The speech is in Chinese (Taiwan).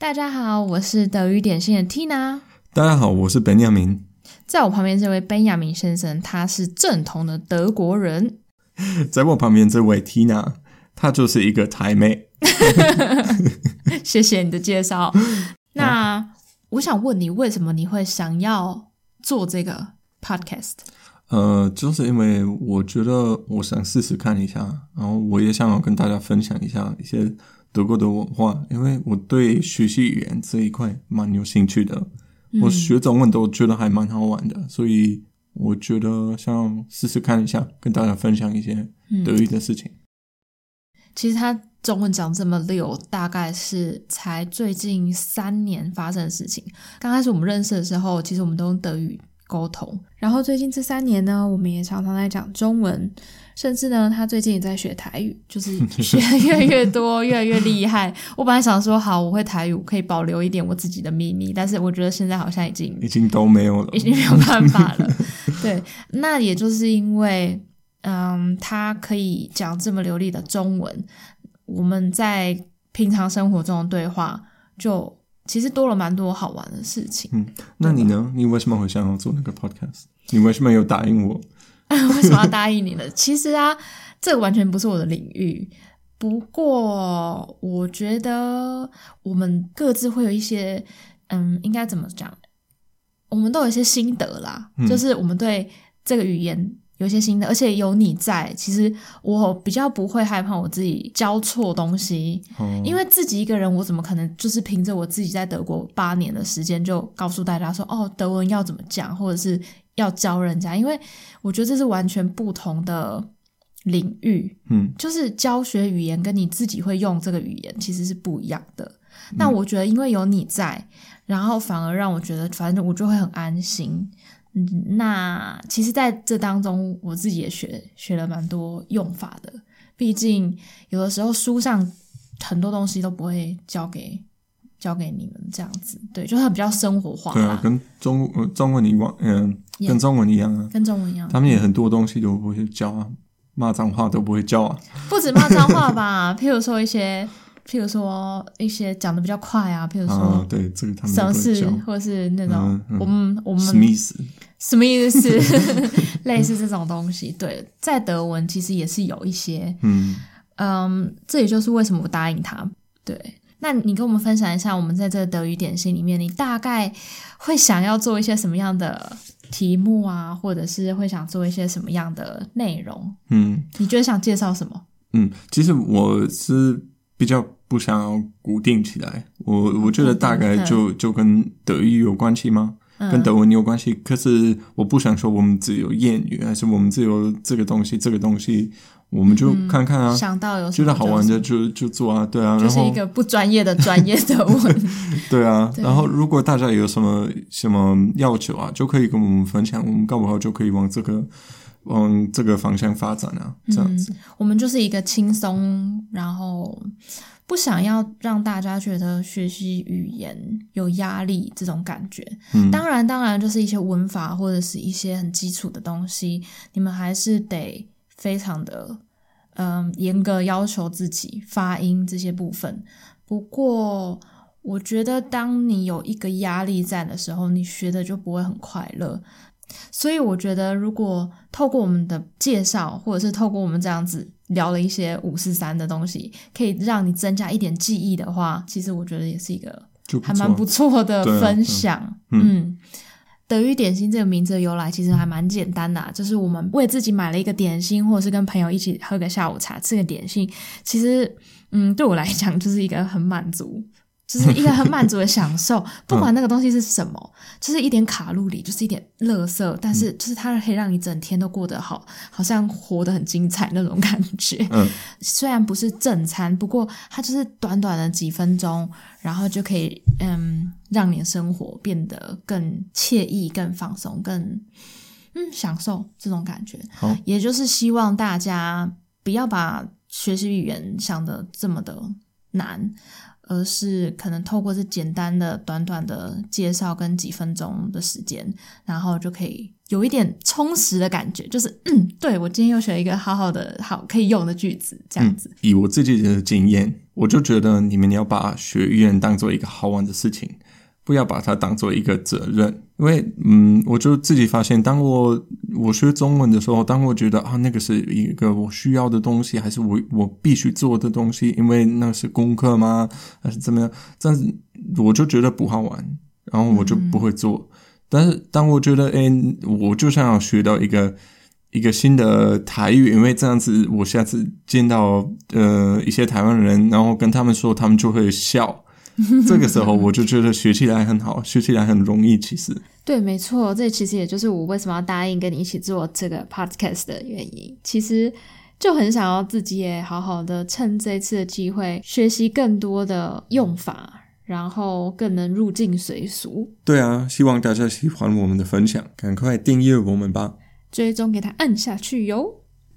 大家好，我是德語點心的 Tina。大家好，我是 Benjamin。在我旁邊這位 Benjamin 先生，他是正統的德國人。在我旁邊這位 Tina，她就是一個台妹。 謝謝你的介紹。 那我想問你，為什麼你會想要做這個 podcast？呃，就是因為我覺得我想試試看一下，然後我也想要跟大家分享一下一些。德國的文化，因為我對學習語言這一塊蠻有興趣的，嗯、我學中文都覺得還蠻好玩的，所以我覺得想試試看一下，跟大家分享一些德語的事情。嗯、其實他中文講這麼溜，大概是才最近三年發生的事情。剛開始我們認識的時候，其實我們都用德語溝通，然後最近這三年呢，我們也常常在講中文，甚至呢，他最近也在學台語，就是學越來越多， 越來越厲害。我本來想說，好，我會台語，可以保留一點我自己的秘密，但是我覺得現在好像已經已經都沒有了，已經沒有辦法了。對，那也就是因為，嗯，他可以講這麼流利的中文，我們在平常生活中的對話就。其實多了蠻多好玩的事情。嗯，那你呢？你為什麼會想要做那個 podcast？你為什麼有答應我？ 為什麼要答應你呢？其實啊，這個、完全不是我的領域。不過，我覺得我們各自會有一些，嗯，應該怎麼講？我們都有一些心得啦，嗯、就是我們對這個語言。有些新的，而且有你在，其實我比較不會害怕我自己教錯東西、哦，因為自己一個人，我怎麼可能就是憑着我自己在德國八年的時間就告訴大家說，哦，德文要怎麼講，或者是要教人家？因為我覺得這是完全不同的領域，嗯，就是教學語言跟你自己會用這個語言其實是不一樣的。嗯、那我覺得，因為有你在，然後反而讓我覺得，反正我就會很安心。嗯，那其實，在這當中，我自己也學學了蠻多用法的。畢竟，有的時候書上很多東西都不會教給教給你們這樣子。對，就是比較生活化。對啊，跟中中文一樣，嗯、呃，跟中文一樣啊，跟中文一樣。他們也很多東西都不會教啊，罵髒話都不會教啊。不止罵髒話吧？ 譬如說一些。譬如說一些講得比較快啊，譬如說，啊、對這個他們會或是那種、啊嗯、我們我們什麼意思？什麼意思？ 類似這種東西，對，在德文其實也是有一些，嗯嗯，這也就是為什麼我答應他。對，那你跟我們分享一下，我們在這個德語點心裡面，你大概會想要做一些什麼樣的題目啊，或者是會想做一些什麼樣的內容？嗯，你覺得想介紹什麼？嗯，其實我是。比較不想要固定起來，我我覺得大概就，嗯嗯嗯，就，就跟德語有關係嗎？嗯，跟德文有關係。可是我不想說我們自己有諺語，還是我們自己有這個東西，這個東西我們就看看啊。嗯，想到有什麼覺得好玩的就就做啊，對啊。然後就是一個不專業的專業德文。 對啊，然後如果大家有什麼什麼要求啊，就可以跟我們分享，我們搞不好就可以往這個。往這個方向發展啊、嗯，這樣子，我們就是一個輕鬆，然後不想要讓大家覺得學習語言有壓力這種感覺。嗯、當然，當然，就是一些文法或者是一些很基礎的東西，你們還是得非常的嗯、呃、嚴格要求自己發音這些部分。不過，我覺得當你有一個壓力在的時候，你學的就不會很快樂。所以我覺得，如果透過我們的介紹，或者是透過我們這樣子聊了一些五四三的東西，可以讓你增加一點記憶的話，其實我覺得也是一個還蠻不錯的分享。啊、嗯，“德、嗯、語點心”這個名字由來其實還蠻簡單的、啊，就是我們為自己買了一個點心，或者是跟朋友一起喝個下午茶、吃個點心。其實，嗯，對我來講就是一個很滿足。就是一個很滿足的享受， 不管那個東西是什麼，就是一點卡路里，就是一點垃圾，但是就是它可以讓你整天都過得好，好像活得很精彩那種感覺。 雖然不是正餐，不過它就是短短的幾分鐘，然後就可以嗯，讓你的生活變得更愜意、更放鬆、更嗯享受這種感覺。 也就是希望大家不要把學習語言想得這麼的難。而是可能透過這簡單的、短短的介紹跟幾分鐘的時間，然後就可以有一點充實的感覺，就是嗯，對我今天又學一個好好的、好可以用的句子，這樣子、嗯。以我自己的經驗，我就覺得你們要把學語言當作一個好玩的事情。不要把它當做一個責任，因為，嗯，我就自己發現，當我我學中文的時候，當我覺得啊，那個是一個我需要的東西，還是我我必須做的東西，因為那是功課嗎？還是怎麼樣？這樣子我就覺得不好玩，然後我就不會做。嗯嗯，但是，當我覺得，誒、欸，我就想要學到一個一個新的台語，因為這樣子，我下次見到呃一些台灣人，然後跟他們說，他們就會笑。 這個時候我就覺得學起來很好，學起來很容易。其實， 對，沒錯，這其實也就是我為什麼要答應跟你一起做這個 podcast 的原因。其實就很想要自己也好好的趁這次的機會學習更多的用法，然後更能入境隨俗。對啊，希望大家喜歡我們的分享，趕快訂閱我們吧，追蹤給他按下去喲。